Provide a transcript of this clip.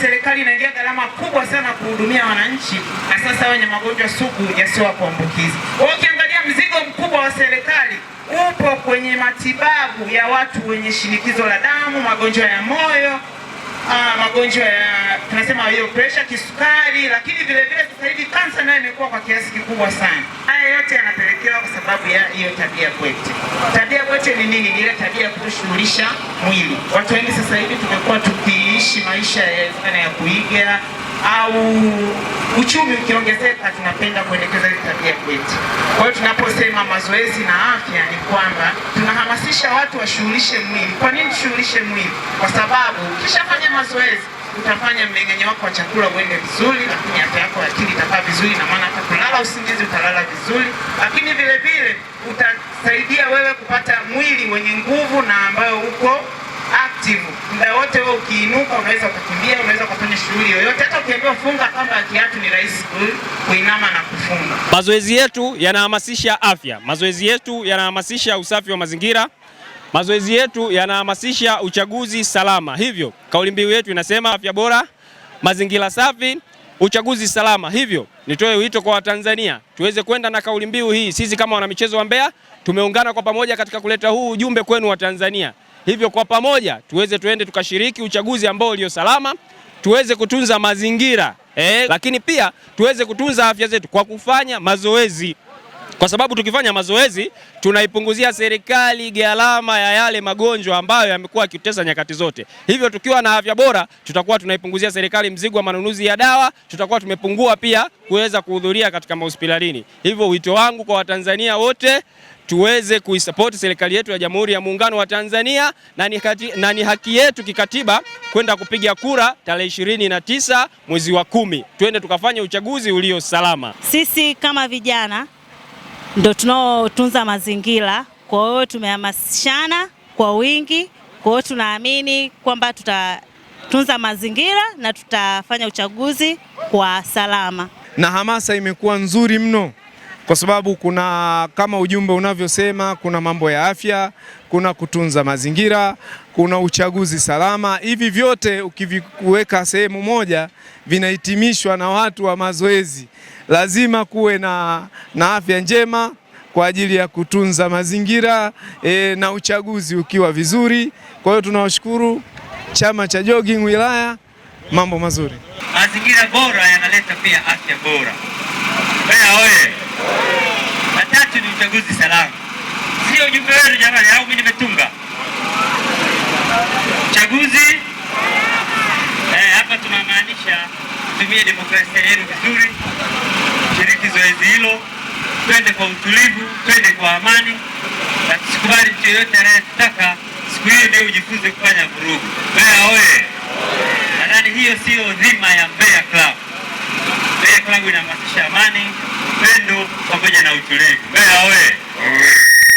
serikali inaingia gharama kubwa sana kuhudumia wananchi, na sasa wenye magonjwa sugu yasiyo ya Ukiangalia mzigo mkubwa wa serikali upo kwenye matibabu ya watu wenye shinikizo la damu, magonjwa ya moyo, aa, ah, magonjwa ya tunasema hiyo pressure, kisukari, lakini vilevile sasa hivi kansa nayo imekuwa kwa kiasi kikubwa sana sababu ya hiyo tabia bwete. Tabia bwete ni nini? Ni ile tabia ya kushughulisha mwili. Watu wengi sasa hivi tumekuwa tukiishi maisha ya ya kuiga au uchumi ukiongezeka, tunapenda kuelekeza ile tabia bwete. Kwa hiyo tunaposema mazoezi na afya, ni kwamba tunahamasisha watu washughulishe mwili. Kwa nini tushughulishe mwili? Kwa sababu ukishafanya mazoezi utafanya mmeng'enyo wako wa chakula uende vizuri, lakini afya yako ya akili itakaa vizuri, na maana hata kulala usingizi utalala vizuri, lakini vile vile utasaidia wewe kupata mwili wenye nguvu na ambayo uko active muda wote. Wewe ukiinuka, unaweza ukakimbia, unaweza ukafanya shughuli yoyote, hata ukiambiwa funga kamba ya kiatu ni rahisi kuinama na kufunga. Mazoezi yetu yanahamasisha afya, mazoezi yetu yanahamasisha usafi wa mazingira Mazoezi yetu yanahamasisha uchaguzi salama, hivyo kauli mbiu yetu inasema afya bora, mazingira safi, uchaguzi salama. Hivyo nitoe wito kwa Watanzania tuweze kwenda na kauli mbiu hii. Sisi kama wanamichezo wa Mbeya tumeungana kwa pamoja katika kuleta huu ujumbe kwenu wa Tanzania, hivyo kwa pamoja tuweze tuende tukashiriki uchaguzi ambao ulio salama, tuweze kutunza mazingira eh, lakini pia tuweze kutunza afya zetu kwa kufanya mazoezi kwa sababu tukifanya mazoezi tunaipunguzia serikali gharama ya yale magonjwa ambayo yamekuwa yakitesa nyakati zote. Hivyo tukiwa na afya bora, tutakuwa tunaipunguzia serikali mzigo wa manunuzi ya dawa, tutakuwa tumepungua pia kuweza kuhudhuria katika mahospitalini. Hivyo wito wangu kwa Watanzania wote tuweze kuisapoti serikali yetu ya Jamhuri ya Muungano wa Tanzania na ni, kati, na ni haki yetu kikatiba kwenda kupiga kura tarehe ishirini na tisa mwezi wa kumi. Twende tukafanye uchaguzi ulio salama. Sisi kama vijana ndo tunaotunza mazingira. Kwa hiyo tumehamasishana kwa wingi, kwa hiyo tunaamini kwamba tutatunza mazingira na tutafanya uchaguzi kwa salama, na hamasa imekuwa nzuri mno kwa sababu kuna kama ujumbe unavyosema, kuna mambo ya afya, kuna kutunza mazingira, kuna uchaguzi salama. Hivi vyote ukiviweka sehemu moja vinahitimishwa na watu wa mazoezi. Lazima kuwe na, na afya njema kwa ajili ya kutunza mazingira e, na uchaguzi ukiwa vizuri. Kwa hiyo tunawashukuru chama cha jogging wilaya, mambo mazuri. Mazingira bora yanaleta pia afya bora. Oye, oye uchaguzi ni uchaguzi salama, sio ujumbe wenu jamani, au mimi nimetunga uchaguzi eh? Hapa tunamaanisha tumie demokrasia yenu vizuri, shiriki zoezi hilo, twende kwa utulivu, twende kwa amani na tusikubali mtu yoyote anayetaka siku hiyo ndio ujifunze kufanya vurugu. Mbeya oye! Nadhani hiyo siyo dhima ya Mbeya Club yangu inahamasisha amani, pendo pamoja na utulivu. Mbeya oye!